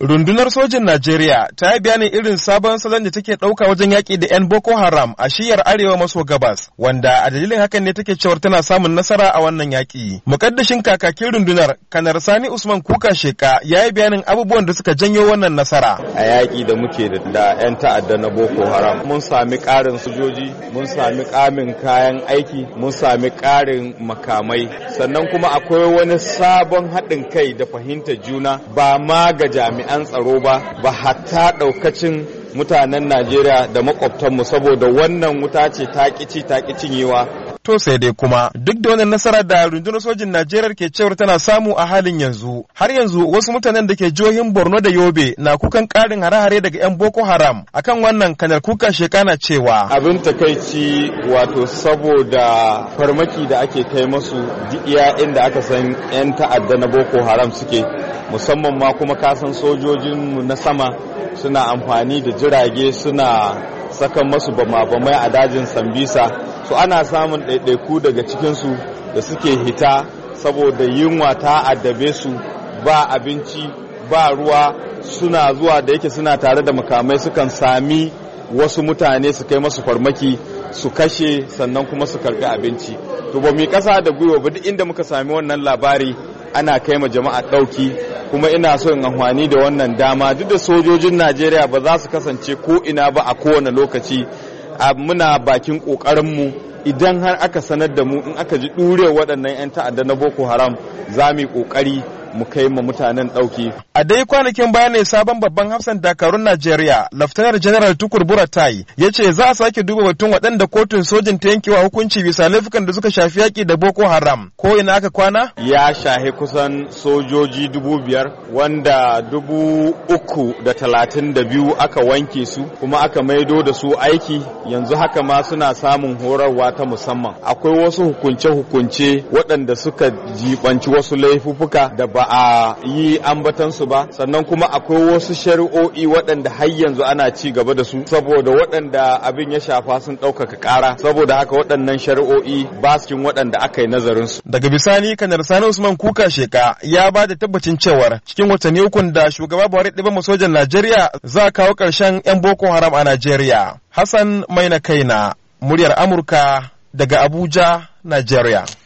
Rundunar sojin Najeriya ta yi bayanin irin sabon salon da take ɗauka wajen yaƙi da 'yan Boko Haram a shiyar arewa maso gabas, wanda a dalilin hakan ne take cewa tana samun nasara a wannan yaƙi. Mukaddashin kakakin rundunar, Kanar Sani Usman Kuka Sheka ya yi bayanin abubuwan da suka janyo wannan nasara. A yaƙi da muke da 'yan ta'adda na Boko Haram, mun sami ƙarin sojoji, mun sami ƙamin kayan aiki, mun sami ƙarin makamai, sannan kuma akwai wani sabon haɗin kai da fahimtar juna ba ma ga jami'a jami'an tsaro ba ba hatta daukacin mutanen Najeriya da makwabtanmu saboda wannan wuta ce ta kici ta To sai dai kuma duk da wannan nasara da rundunar sojin Najeriya ke cewar tana samu a halin yanzu har yanzu wasu mutanen da ke jihohin Borno da Yobe na kukan karin hare-hare daga 'yan Boko Haram akan wannan kanar kuka shekana cewa. Abin takaici wato saboda farmaki da ake kai masu duk iya inda aka san 'yan ta'adda na Boko Haram suke musamman ma kuma kasan sojojinmu na sama suna amfani da jirage suna sakan masu bama-bamai a dajin sambisa so ana samun ɗaiɗaiku daga cikinsu da suke hita saboda yunwa ta addabe su ba abinci ba ruwa suna zuwa da yake suna tare da makamai sukan sami wasu mutane su kai masu farmaki su kashe sannan kuma su karbi abinci to ba mu kasa da gwiwa ba duk inda muka sami wannan labari ana kai ma jama'a ɗauki kuma ina so in amfani da wannan dama duk da sojojin najeriya ba za su kasance ko ina ba a kowane lokaci muna bakin mu idan har aka sanar da mu in aka ji ɗure waɗannan 'yan ta'adda na boko haram za mu yi ƙoƙari mu kai ma mutanen ɗauki. A dai kwanakin baya ne sabon babban hafsan dakarun Najeriya, Laftanar General Tukur Buratai, ya ce za a sake duba batun waɗanda kotun sojin ta yankewa hukunci bisa laifukan da suka shafi yaƙi da Boko Haram. Ko ina aka kwana? Ya shahi kusan sojoji dubu biyar wanda dubu uku da talatin da biyu aka wanke su kuma aka maido da su aiki yanzu haka ma suna samun horarwa ta musamman. Akwai wasu hukunce-hukunce waɗanda suka jibanci wasu laifuffuka da ba ba a yi ambatansu ba sannan kuma akwai wasu shari'o'i waɗanda har yanzu ana ci gaba da su saboda waɗanda abin ya shafa sun ɗaukaka ƙara saboda haka waɗannan shari'o'i ba cikin waɗanda aka yi nazarin su. Daga bisani kanar Sani Usman Kuka Sheka ya ba da tabbacin cewar cikin watanni ukun da shugaba Buhari ɗiban sojan Najeriya za a kawo ƙarshen 'yan Boko Haram a Najeriya. Hassan Maina Kaina, muryar Amurka daga Abuja, Najeriya.